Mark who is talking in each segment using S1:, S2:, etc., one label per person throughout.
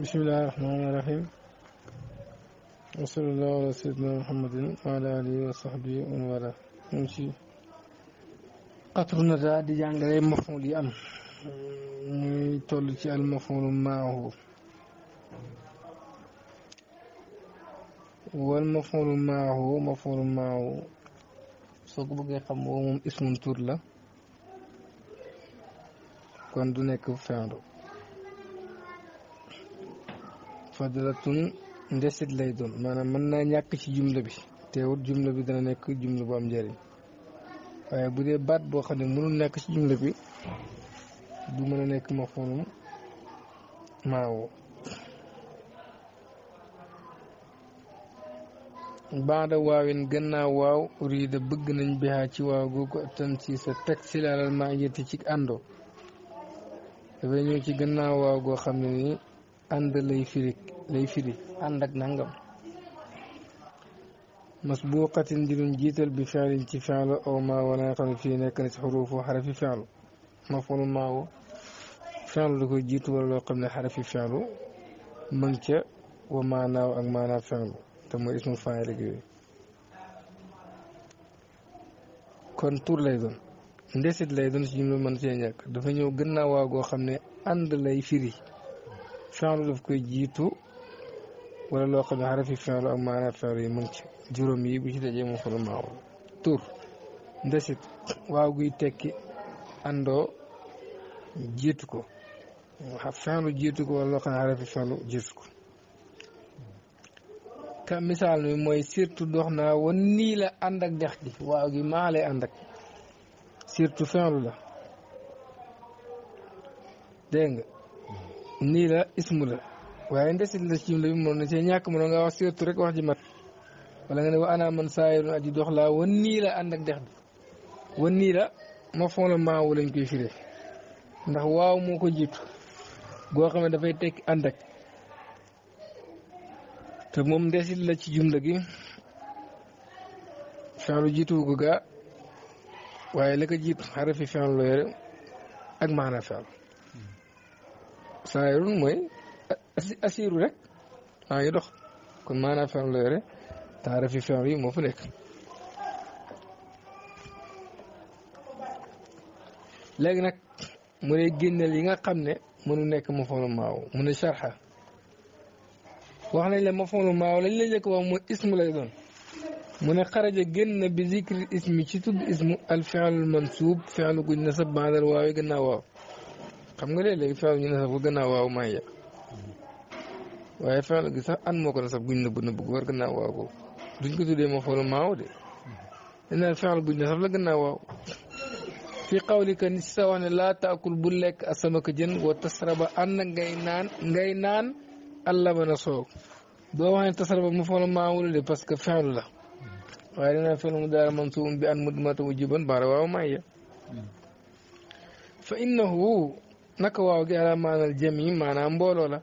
S1: بسم الله الرحمن الرحيم وصلى الله على سيدنا محمد وعلى آله وصحبه ومن والاه نمشي قطر نتا دي لي مفعول يي ام موي تولو سي المفعول هو والمفعول معه مفعول معه soo ko bëggee xam woo moom ismun tur la kon du nekk fendu fadalatun ndesit lay doon maanaam mën naa ñàkk ci jumla bi teewut jumla bi dana nekk jumla bu am njëriñ waaye bu dee baat boo xam ne mënul nekk ci jumla bi du mën a nekk mafhumum maawoo baada waawin gannaaw waaw riida bëgg nañ bihaa ci waaw googu tam si sa teg si laalal maa yëtti ci àndoo dafay ñëw ci gannaaw waaw goo xam ne nii ànd lay firi lay firi ànd ak nangam masbuqatin di luñ jiital bi faalin ci faalu aw maa wala nga xam ne fii nekk na ci xuruufu xarafi faalu mafulu maawu faalu da loo xam ne xarafi faalu mën ca wa maanaaw ak maanaa faalu te mooy ismu faayil ak yooyu kon tur lay doon ndesit lay doon si jumla mën cee ñàkk dafa ñëw gën naa waagoo xam ne ànd lay firi fenlu daf koy jiitu wala loo xam ne xarafi fenlu ak maana fenlu yi mën ci juróom yi bu ci dajee mu xol maaw tur ndesit waaw guy tekki àndoo jiitu ko fenlu jiitu ko wala loo xam xarafi fenlu jiitu ko ka misaal mi mooy surtout dox naa woon nii la ànd ak dex gi waaw gi maa lay ànd ak surtout fenlu la dégg nga nii la ismu la waaye ndesit la ci jumla bi moom na see ñàkk mënoo nga wax surtout rek wax ji mat wala nga ne wa ana man saayirun aji dox laa wan nii la ànd dex bi wan nii la ma maawu lañ koy firee ndax waaw moo ko jiitu goo xam ne dafay tekki ànd te moom ndesit la ci jumla gi fenlu jiituwu ko waaye la ko jiitu xarafi fenlu la yore ak maana fenlu saayirun mooy asiiru rek maa ngi dox kon maanaam fenn la yore taarifi fenn yi moo fa nekk léegi nag mu ne génneel yi nga xam ne mënu nekk ma foolu maaw mu ne sharxa wax nañ la ma foolu maaw lañ la njëkk wax mooy ismu lay doon mu ne xaraja génn bi zikri ismi ci tudd ismu al fi'l mansub fi'l guñ nasab baadal waawe gannaaw waaw xam nga léeg-léeg feew ñu ne sax nasabu gannaaw waaw maay ya waaye feew gi sax an moo ko ne nasab guñ nëbb nëbb gu war gannaaw waaw ko duñ ko tuddee ma xoolu maaw de dañ naan feew la guñ nasab la gannaaw waaw fi fii qawlika ni sa wax ne laa taakul bu lekk ko jën wa tasraba ànd ngay naan ngay naan alla ba na soog doo wax ne tasraba ma foolu maawul de parce que feew la waaye danaa feew mu daal man suum bi an mu mu wujuban baara waaw maay ya fa innahu naka wawge ala manal jami mana mboolola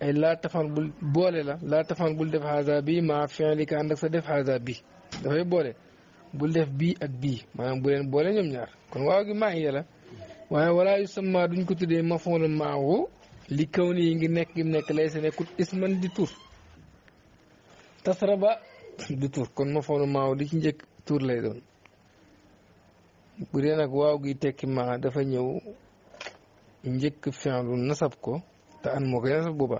S1: ay e la tafan bul boole la la tafan bul def haga bi ma finlika àndak sa def haga bi dafay boole bul def bi ak bi manam bu leen boole ñoom ñaar kon waaw gi maa iya la waaye wala usamma duñ ko tuddee mafonle maaxu li kaw ni ngi nekk gim nekk lay se nekkut isman di tur tasraba du tur kon mafonle maaxu di ci njëkk tur lay doon bu dee nag waaw gi tekki maa dafa ñëw njëkk fi'lu nasab ko te an moo koy nasab booba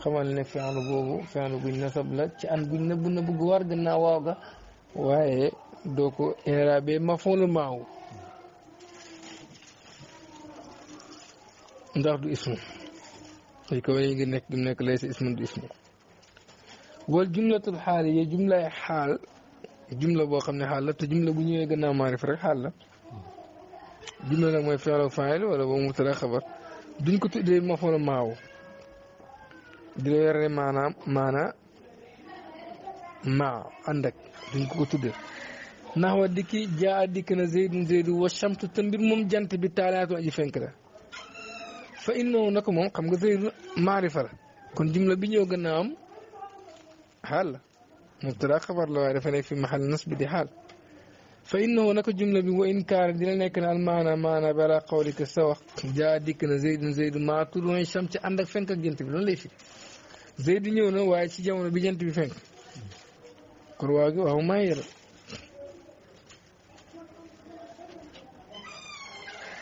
S1: xamal ne fi'lu boobu fi'lu guñ nasab la ci an guñ na bu na gannaaw waaw ga waaye doo ko i'raabe mafuulu maahu ndax du ismu li du nekk du ismu wal jumlatul xaal yi jumlay xaal jumla boo xam ne xaal la te jumla bu ñëwee gannaaw maarif rek xaal la jumla nag mooy fi'lu faa'il wala boobu mubtada xabar duñ ko tuddee mafoolu maaw di la yore maanaam maanaa maa ànd duñ ko tuddé nahwa diki jaa dikna zayd zayd wa shamt tambir mum jant bi talatu aji fenk la fa inno naka mom xam nga zayd maarifa la kon jumla bi ñëw gën a am xaal mubtada xabar la waaye dafa nekk fi maxal nas di hal fa innahu naka jumla bi wa inkaar dina nekk na al maana maana balaa qawlika sa wax jaa dikk na zeydun zeydu maa tudd sam ci ànd ak fenk ak jant bi loolu lay fi zeydu ñëw waaye ci jamono bi jant bi fenk kon waaw gi waaw maa yëra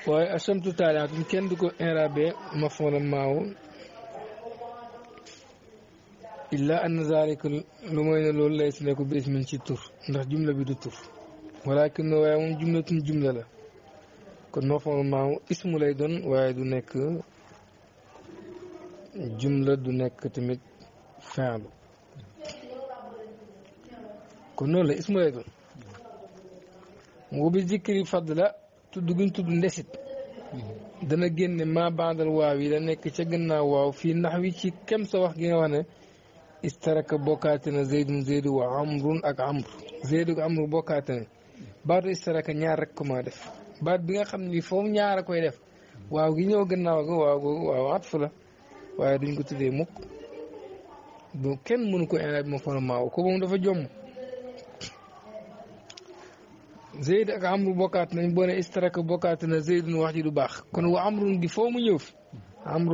S1: waaye asamtu taalaatun kenn du ko inrabe ma foona maaw illa an zalika lu mooy ne loolu lay si ci tur ndax jumla bi du tur walakin na waaye moom jumlatun jumla la kon moo fa maamu ismu lay doon waaye du nekk jumla du nekk tamit fi'lu kon noonu la ismu lay doon mu bi zikri fadla tudd guñ tudd ndesit dana génne maa bandal waaw yi nekk ca gannaaw waaw fii ndax ci kem wax gi nga wax ne istaraka bokkaate na zeydun zeydu wa amrun ak amr zeydu ak amr bokkaate na baatu istaraka ñaar rek ko ma def baat bi nga xam ni foofu ñaar a koy def waaw gi ñëw gannaaw ga waaw googu waaw atfu la waaye duñ ko tuddee mukk bu kenn mënu ko inlaaj ma fona ko dafa jomm Zeyd ak bokkaat nañ boo ne na Zeydun wax ji du baax kon wa Amrun gi mu ñëw fi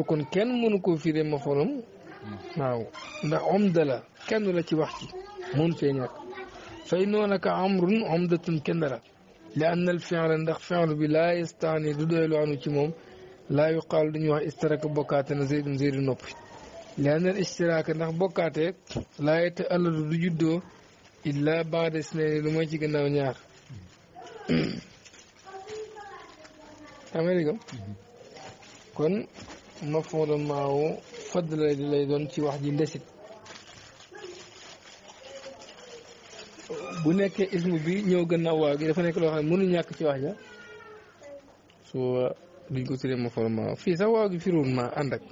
S1: kon kenn mënu koo firee ma ndax omda la kenn la ci wax ci mun fee ñàkk فإنه لك أمر عمدة كندرة لأن الفعل عندك فعل بلا يستعني دودو يلوانو كموم لا يقال دنيو استرك بوكات زيد زير نوب لأن الاشتراك عندك بوكات لا يتألد دودو إلا بعد سنين لمجي كناو نيار أمريكا كن مفهوم ما هو فضل لي لي دون تي واحد يندسك bu nekke ismu bi ñëw gannaaw waaw gi dafa nekk loo xam ne mënu ñàkk ci wax ja su duñ ko tuddee ma xool waaw gi firuun ma ànd ak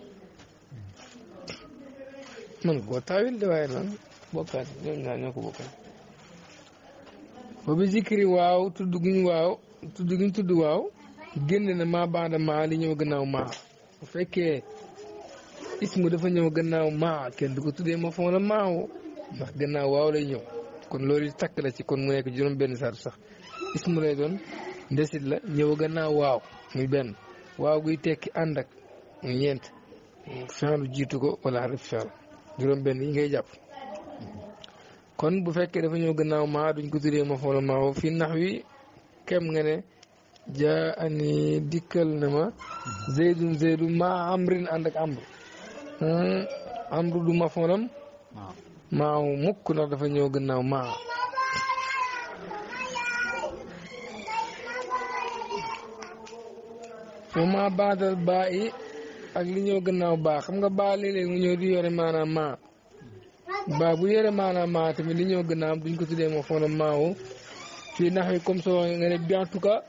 S1: man koo taawil de waaye naan bokkaat ñoom ñaar ñoo ko bokkaat ba bi zikri waaw tudd guñ waaw tudd guñ tudd waaw génn na maa baada maa li ñëw gannaaw maa bu fekkee dafa ñëw gannaaw maa kenn du ko tuddee ma fon la maaw ndax gannaaw waaw lay ñëw kon loolu takk la ci kon mu nekk juróom benn saatu sax ismu lay doon ndesit la ñëw gannaaw waaw muy benn waaw guy tekki ànd ak muy ñeent fenlu jiitu ko wala xaraf fenl juróom benn yi ngay jàpp kon bu fekkee dafa ñëw gannaaw maa duñ ko tuddee ma foolu maa fii nax wi kem nga ne jaa ani dikkal na ma zeydun zeydu maa amrin ànd ak amr amru du ma foolam maaw mukk na dafa ñëw gannaaw maa wa maa baadal baa yi ak li ñëw gannaaw baax xam nga baax léeg-léeg mu ñëw di yore maanaam maa baa bu yore maanaam maa tamit li ñëw gannaaw duñ ko tuddee moo foog ne maawu fii nax mi comme soo nga ne bien tout cas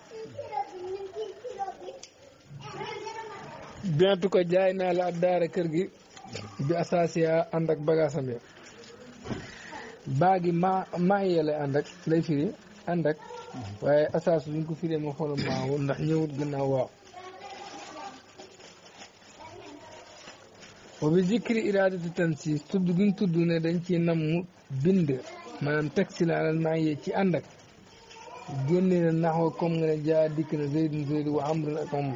S1: bien jaay naa la ak daara kër gi bi assasiya ànd ak bagaasam ya baa gi maa maa yee lay ànd ak lay firi ànd ak mhm. waaye asaas bu ñu ko firee ma xoolal maaw ndax ñëwut gannaaw waaw wa bi zikri iradati tansis tudd guñ tudd ne dañ ci nam mu bind maanaam teg si laalal maa yee ci ànd ak génne na naxoo comme nga ne jaa dikk na zaydun zayd wa amrun ak amr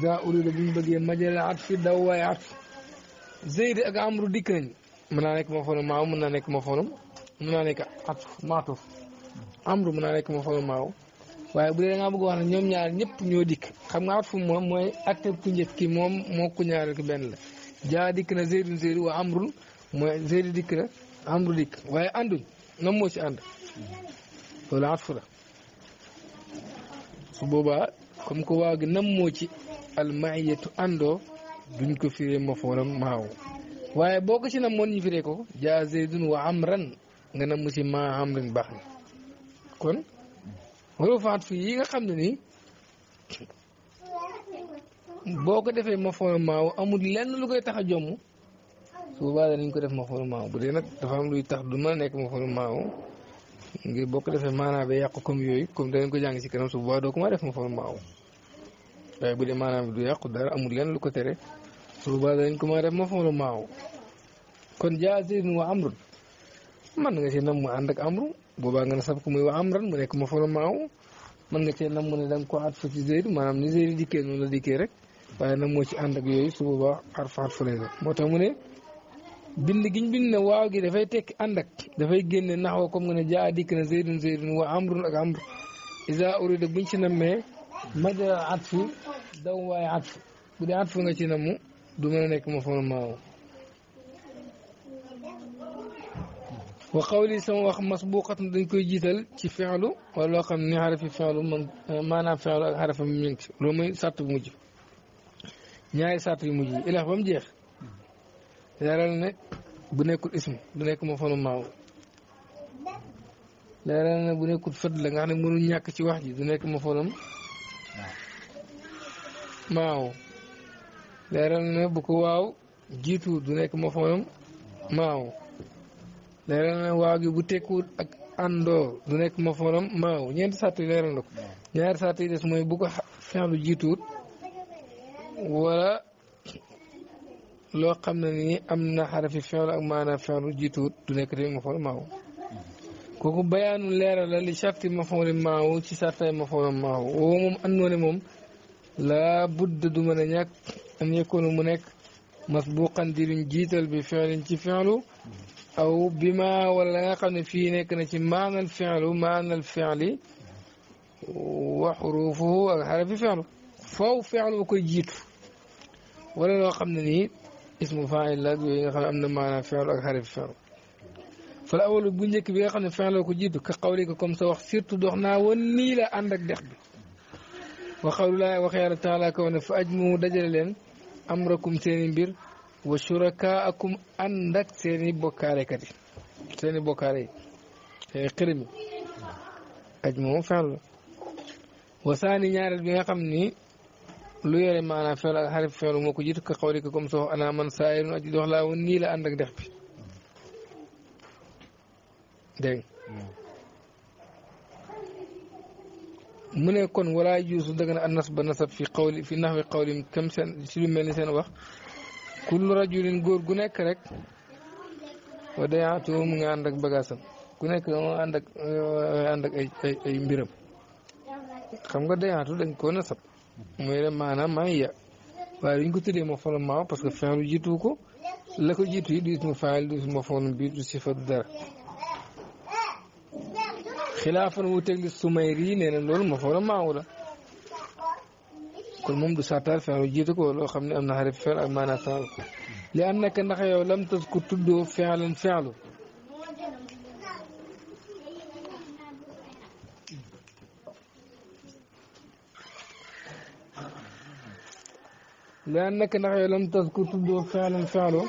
S1: za urida bu ñu bëggee majal at mën naa nekk mafoolum maaw mën naa nekk mafoolum mën naa nekk atuf maaw waaye bu dee da ngaa wax ne ñoom ñaar ñëpp ñoo dikk xam nga atuf moom mooy acte ku njëkk ki moom moo ku ñaareel ki benn la jaa dikk na zeydu zeydu wa amrul mooy zeydu dikk na amru dikk waaye ànduñ nam moo ci ànd loolu atuf la su boobaa comme que waa gi nam moo ci almaiyatu àndoo duñ ko firee mafoolam maaw waaye boo ko ci nam moon ñu firee ko jaa zeydun wa amran nga na musi ma amrin baax na kon waru faat fii yi nga xam ne nii boo ko defee ma foon maaw amul lenn lu koy tax a jomm su boobaa ko def ma foon bu dee nag dafa am luy tax du ma nekk ma foon maaw ngir boo ko defee maanaam ba yàqu comme yooyu kom danañ ko jàng si kanam su boobaa doo ko ma def ma foon maaw waaye bu dee maanaam du yàqu dara amul lenn lu ko tere bu baax dañ ko mën a def maf'uul maahu kon jaa zaydun wa amrun mën nga cee nam mu ànd ak amru boobaa nga ne sab ko muy wa amran mu nekk maf'uul maahu mën nga cee nam mu ne da ko àtt ci maanaam ni zayd rek waaye nag moo ci ànd ak yooyu su boobaa moo tax mu ne bind giñ bind ne waaw gi dafay tekki ànd ak dafay génne naxoo comme nga ne jaa dikk na zaydun zaydun wa amrun ak amru isa urida buñ ci nammee majra atfu daw waaye atfu bu dee atfu nga ci namu دو من نيك مفهوم ما هو وقولي سمو وخ مسبوقة دن كوي جيتال تي فعلو ولا خم نعرف فعلو من ما نا فعلو عرف من لو مي سات موجي نياي سات موجي الا فام جيخ ليرال ني بو نيكول اسم دو نيك مفهوم ما هو ليرال ني بو نيكول فد لا غا خني مونو نياك تي واخ جي دو نيك مفهوم ماو ما leeral na bu ko waaw jiitu du nekk ma maaw leeral na waaw gi bu tekkuut ak àndoo du nekk ma foonam maaw ñeenti sàtt leeral na ko ñaari des mooy bu ko fi'lu jiituut wala loo xam ne nii am na xarafi fi'lu ak maanaam fi'lu jiituut du nekk tamit ma foonam maaw kooku bayaanu leeral la li sarti ma maaw ci sartay ma maaw woo moom àndoo moom laa budd du mën a أن يكون هناك مسبوقا ديرين جيتل بفعل تفعله أو بما ولا يقن في نكنة معنى الفعل معنى الفعل وحروفه الحرف فعله فو فعل وكل جيت ولا يقن اسم فاعل لازم يقن معنى فعل الحرف فعله فالاول بن ديك بيغا خن فعل كو جيت كقولك كوم سوى واخ سيرتو دوخنا عندك دخبي اندك الله وخير تعالى كون فاجمو دجل لين amrakum seeni mbir wa shurakaakum ànd ak seeni bokkaarekat yi seeni bokkaare yi seeni xërëm aj moom fenn wa saani ñaareel bi nga xam ni lu yore maanaam fenn ak xarif fenn moo ko jiitu ka xawli ko comme soo ana man saa yéen aji dox laa woon nii la ànd ak dex bi dégg mu ne kon walaa yuusu dëgg na an nas ba nasab fi xawli fi naxwi xawlim kam seen si lu mel ni seen wax kullu rajulin góor gu nekk rek wa dayaatu mu nga ànd bagaasam ku nekk moo ànd ak ànd ay mbiram xam nga dayaatu dañ koo nasab mooy le maanaam maa ngi ya waaye duñ ko tuddee ma folo maaw parce que fexlu jiitu ko la jiitu yi du ismu faayil du ismu mafoon bi sifa du dara خلاف الوتيك السميري نين يعني لول مفول ما ولا كل مم دو ساتار فاو جيتو كو لو خامني امنا حرف فعل ما نا سال لانك نخا يو لم تذكر تدو فعلا فعلو لانك نخا يو لم تذكر تدو فعلا فعلو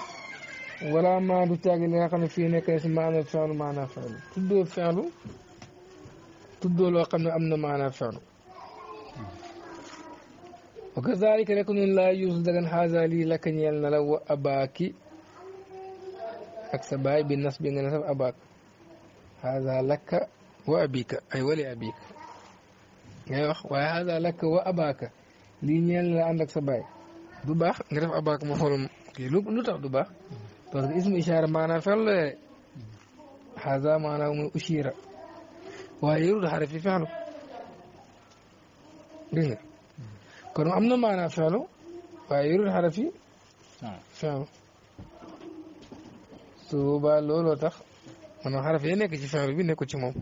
S1: ولا ما دو تاغي نخا في نيك اسم ما نا فعل ما نا فعل تدو فعلو tuddoo loo xam ne am na maanaa fennu wa kazalika nekk noonu laa yuusu dagan xaasa lii lakk ñeel na la wa abaaki ak sa baay bi nas bi nga nasab abaak xaasa lakka wa abika ay wali abika ngay wax waaye xaasa lakka wa abaaka lii ñeel na la ànd ak sa baay du baax nga def abaak ma xoolum kii lu tax du baax parce que ismu ishaara maanaa fenn la xaasa maanaa muy ushiira ويرد حرف فعله ليه كانوا امن معنى فعله ويرد حرف فعله سوبا لولو تخ من حرف ينك شي فعل بينك كوتشي موم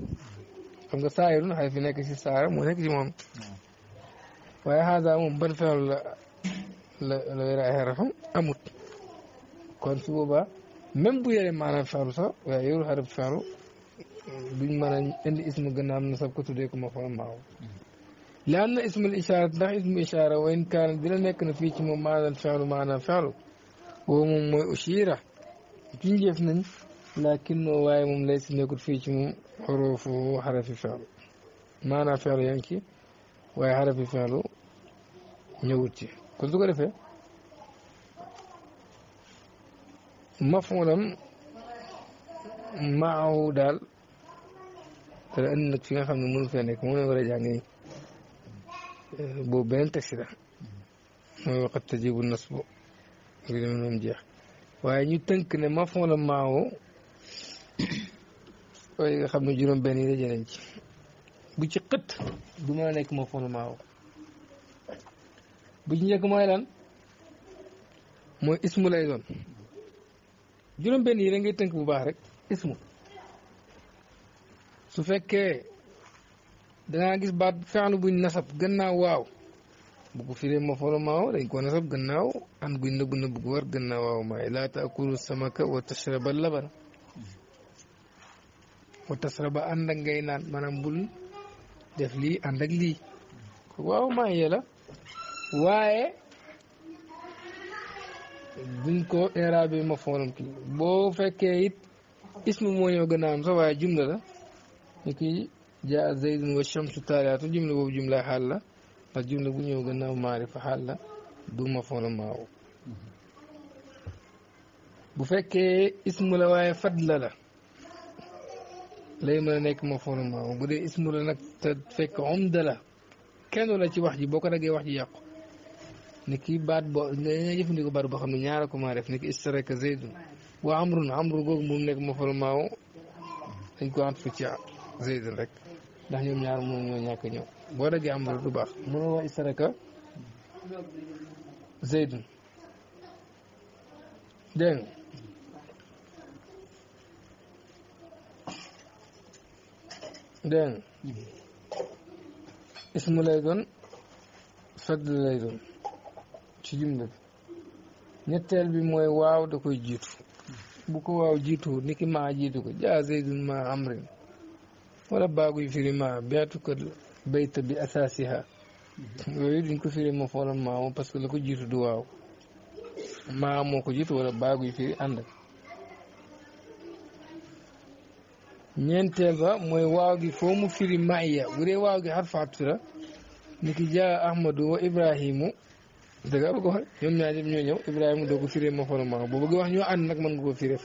S1: كم سايرون حرف ينك شي سار مو نك شي موم واي هذا مو بن فعل لا لا غير حرف اموت كون سوبا ميم بو يري معنى فعله سو ويرد حرف فعله duñ mën indi ismu gannaaw nasab ko tuddee ko ma fa maaw li na ismul ishaara ndax ismu ishaara wa in kaana dina nekk na fii ci moom maanaam fexlu maanaam fexlu waaye moom lay nekkut fii ci moom xorofu xarafi fexlu maanaam fexlu ci waaye xarafi fexlu ñëwut ci kon su ko defee daal dana indi nag fi nga xam ne mënu fee nekk moom la war a jàng nii boobu eh, beneen texte la mooy waxat tajibu nas bo ngi dem waaye ñu tënk ne ma fon la maawo waaye nga xam ne juróom benn yi daje nañ ci bu ci xët du mën nekk ma fon la maawo bu ci njëkk mooy lan mooy ismu lay doon juróom benn yi da ngay tënk bu baax rek ismu su fekkee dangaa gis baat fexlu buñ nasab gannaaw waaw bu ko firee ma folo maaw dañ ko nasab gannaaw an guñ nëbb nëbb gu war gannaaw maay laa taakulu samaka wa tashraba labana wa tasraba ànd ak ngay naan maanaam bul def lii ànd ak lii waaw maa yela waaye duñ ko ma foolam kii boo fekkee it ismu moo ñëw am sax waaye jumla la ni ki jaa zaydun wa shamsu taaliatu jumla boobu jumla xaal la ndax jumla bu ñëw gannaaw maarifa xaal la duma foola maaw bu fekkee ismu la waaye fadla la lay mën a nekk ma foola maaw bu dee ismu la nag te fekk umda la kenn wax ji boo ko daggee wax ji yàqu ki baat boo nga jëfandikoo boo xam ne ñaara ko maa amrun googu moom nekk ma foola maaw dañ ko ànd fu ci Zeydan rek ndax ñoom ñaar mënu ñoo ñàkk ñëw boo daggee am du baax mënoo wax istaraka Zeydan dégg nga dégg nga ismu lay ci jumla bi ñetteel bi mooy waaw da koy jiitu bu ko waaw jiitu ni maa jiitu ko jaa Zeydun maa amrin wala baaguy firi ma beetu ko bayta bi asaasiha yooyu duñ ko firi ma foolan maamu parce que la ko jiitu du waaw maa moo ko jiitu wala baaguy firi ànd ak ñeenteel ba mooy waaw gi foo mu firi maya bu dee waaw gi xarfu atfi la ni ki jaa ahmadu wa ibrahimu dëgga bëgg wax ñoom ñaar ñëpp ñoo ñëw ibrahima doo ko firee ma fol maaw ko firee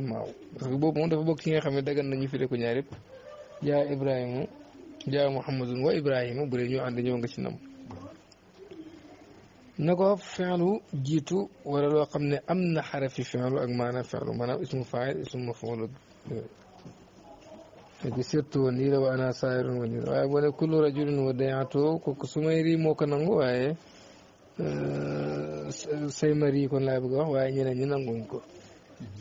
S1: moom dafa bokk ci nga xam ne daggan nañu firee ko ñaar yëpp jaa Ibrahima jaa Muhammadun wa Ibrahima bu dee ñoo ànd ñëw nga ci nam na ko fi'lu jiitu wala loo xam ne am na xarafi fi'lu ak maanaam fi'lu maanaam ismu faa'il ismu maf'uul léegi surtout woon nii la waa naa wa nii waaye boo ne rajulin wa dayaatoo kooku sumayri moo ko nangu waaye euh, saymari kon laa bëgg wax waaye ñeneen ñi nanguñ ko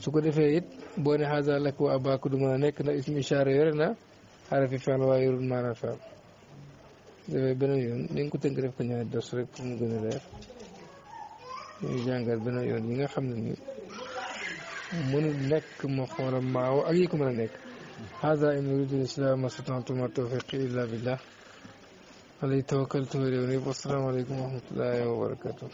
S1: su ko defee it boo ne xaaza lak wa abaak du mën a nekk ndax ismu ishaara yore na xarafi fàll waaye yorul maanaam fàll dafay beneen yoon ni nga ko tënk def ko ñaari dos rek pour mu gën a leer ñuy jàngal beneen yoon yi nga xam ne ni mënul nekk ma xoolam maaw ak yi ko mën a nekk hada in uridu lislam mastata'tu ma tawfiqi illa billah
S2: alayhi tawakkaltu wa ilayhi unib wassalaamu aleykum wa rahmatullahi wa barakatuh